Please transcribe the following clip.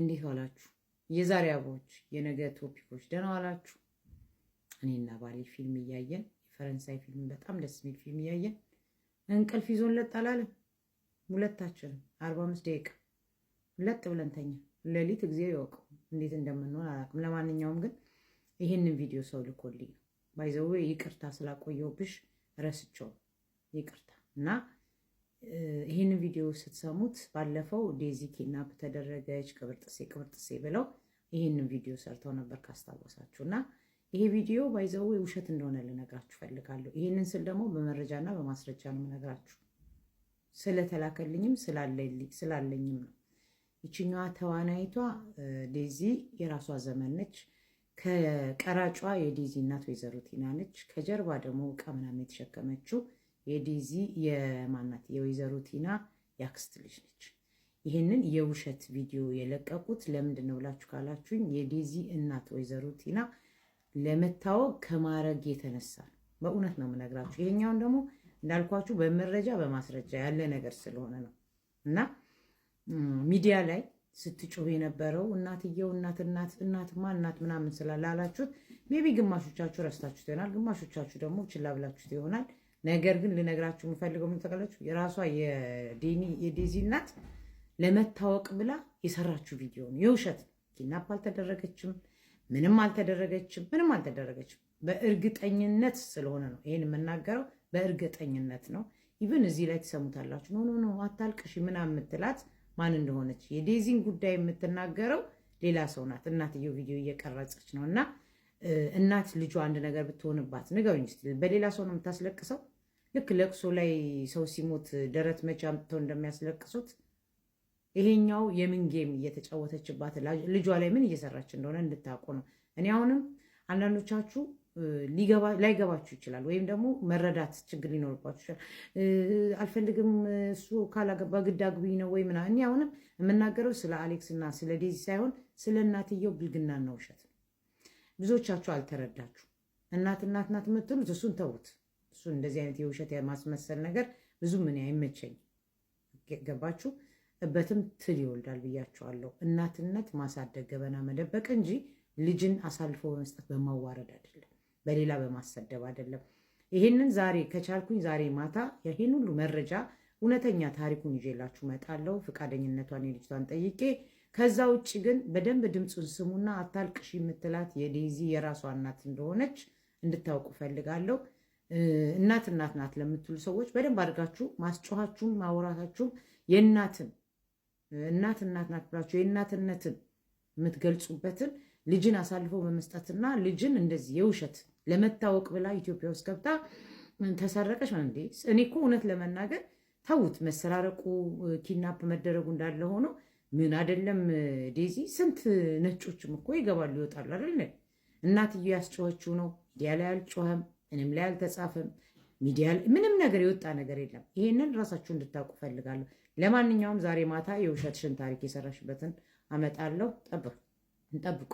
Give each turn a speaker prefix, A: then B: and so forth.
A: እንዴት ዋላችሁ? የዛሬ አበቦች የነገ ቶፒኮች ደህና ዋላችሁ? እኔና ባሌ ፊልም እያየን የፈረንሳይ ፊልም በጣም ደስ የሚል ፊልም እያየን እንቅልፍ ይዞን ለጥ አላለም። ሁለታችንም አርባ አምስት ደቂቃ ለጥ ብለን ተኛ። ሌሊት እግዚአብሔር ይወቀው እንዴት እንደምንሆን አላውቅም። ለማንኛውም ግን ይህንን ቪዲዮ ሰው ልኮልኝ ባይዘው ይቅርታ ስላቆየሁብሽ ረስቸው ይቅርታ እና ይህን ቪዲዮ ስትሰሙት ባለፈው ዴዚ ኪድናፕ ተደረገች፣ ቅብርጥሴ ቅብርጥሴ ብለው ይህንን ቪዲዮ ሰርተው ነበር ካስታወሳችሁ እና ይሄ ቪዲዮ ባይዘው ውሸት እንደሆነ ልነግራችሁ ፈልጋለሁ። ይህንን ስል ደግሞ በመረጃና በማስረጃ ነው የምነግራችሁ። ስለተላከልኝም ስላለኝም ነው። ይችኛዋ ተዋናይቷ ዴዚ የራሷ ዘመን ነች። ከቀራጯ የዴዚ እናት ወይዘሮ ቲና ነች። ከጀርባ ደግሞ ዕቃ ምናምን የተሸከመችው የዴዚ የማናት የወይዘሮ ቲና የአክስት ልጅ ነች። ይህንን የውሸት ቪዲዮ የለቀቁት ለምንድን ነው ብላችሁ ካላችሁኝ የዴዚ እናት ወይዘሮ ቲና ለመታወቅ ከማረግ የተነሳ ነው። በእውነት ነው የምነግራችሁ። ይሄኛውን ደግሞ እንዳልኳችሁ በመረጃ በማስረጃ ያለ ነገር ስለሆነ ነው እና ሚዲያ ላይ ስትጮህ የነበረው እናትየው እናት እናት እናትማ እናት ምናምን ስላላላችሁት ሜቢ ግማሾቻችሁ ረስታችሁት ይሆናል፣ ግማሾቻችሁ ደግሞ ችላ ብላችሁት ይሆናል። ነገር ግን ልነግራችሁ የምፈልገው ምን ተቀላችሁ፣ የራሷ የዴዚ እናት ለመታወቅ ብላ የሰራችሁ ቪዲዮ ነው። የውሸት ኪናፕ አልተደረገችም፣ ምንም አልተደረገችም፣ ምንም አልተደረገችም። በእርግጠኝነት ስለሆነ ነው ይሄን የምናገረው፣ በእርግጠኝነት ነው። ኢቨን እዚህ ላይ ትሰሙታላችሁ። ኖ ኖ አታልቅሽ ምናምን የምትላት ማን እንደሆነች የዴዚን ጉዳይ የምትናገረው ሌላ ሰው ናት። እናትየው ቪዲዮ እየቀረጸች ነው እና እናት ልጇ አንድ ነገር ብትሆንባት ንገሩኝ እስኪ። በሌላ ሰው ነው የምታስለቅሰው። ልክ ለቅሶ ላይ ሰው ሲሞት ደረት መቼ አምጥተው እንደሚያስለቅሱት ይሄኛው የምን ጌም እየተጫወተችባት ልጇ ላይ ምን እየሰራች እንደሆነ እንድታውቁ ነው። እኔ አሁንም አንዳንዶቻችሁ ላይገባችሁ ይችላል፣ ወይም ደግሞ መረዳት ችግር ሊኖርባችሁ ይችላል። አልፈልግም እሱ ካላገባ ግድ አግቢኝ ነው ወይ ምናምን። እኔ አሁንም የምናገረው ስለ አሌክስ እና ስለ ዴዚ ሳይሆን ስለ እናትየው ብልግናና ውሸት ብዙዎቻችሁ አልተረዳችሁ። እናት እናት ናት የምትሉት እሱን ተውት። እሱን እንደዚህ አይነት የውሸት የማስመሰል ነገር ብዙ ምን አይመቸኝ። ገባችሁ? እበትም ትል ይወልዳል ብያችኋለሁ። እናትነት ማሳደግ፣ ገበና መደበቅ እንጂ ልጅን አሳልፎ በመስጠት በማዋረድ አይደለም፣ በሌላ በማሰደብ አይደለም። ይሄንን ዛሬ ከቻልኩኝ ዛሬ ማታ ይሄን ሁሉ መረጃ እውነተኛ ታሪኩን ይዤላችሁ እመጣለሁ። ፈቃደኝነቷን የልጅቷን ጠይቄ ከዛ ውጭ ግን በደንብ ድምፁን ስሙና አታልቅሽ የምትላት የዴዚ የራሷ እናት እንደሆነች እንድታውቁ ፈልጋለሁ። እናት እናት ናት ለምትሉ ሰዎች በደንብ አድርጋችሁ ማስጮኋችሁም ማውራታችሁም የእናትን እናት እናት ናት ብላችሁ የእናትነትን የምትገልጹበትን ልጅን አሳልፎ በመስጠትና ልጅን እንደዚህ የውሸት ለመታወቅ ብላ ኢትዮጵያ ውስጥ ገብታ ተሰረቀች ማለት እኔ እኮ እውነት ለመናገር ተውት፣ መሰራረቁ ኪድናፕ መደረጉ እንዳለ ሆኖ ምን አይደለም ዴዚ፣ ስንት ነጮችም እኮ ይገባሉ ይወጣሉ አይደለ? እናትዬ ያስጮኸችው ነው። ሚዲያ ላይ አልጮኸም፣ ምንም ላይ አልተጻፈም። ሚዲያ ምንም ነገር የወጣ ነገር የለም። ይሄንን ራሳችሁ እንድታውቁ ፈልጋለሁ። ለማንኛውም ዛሬ ማታ የውሸትሽን ታሪክ የሰራሽበትን አመጣለሁ። ጠብቁ፣ እንጠብቁ።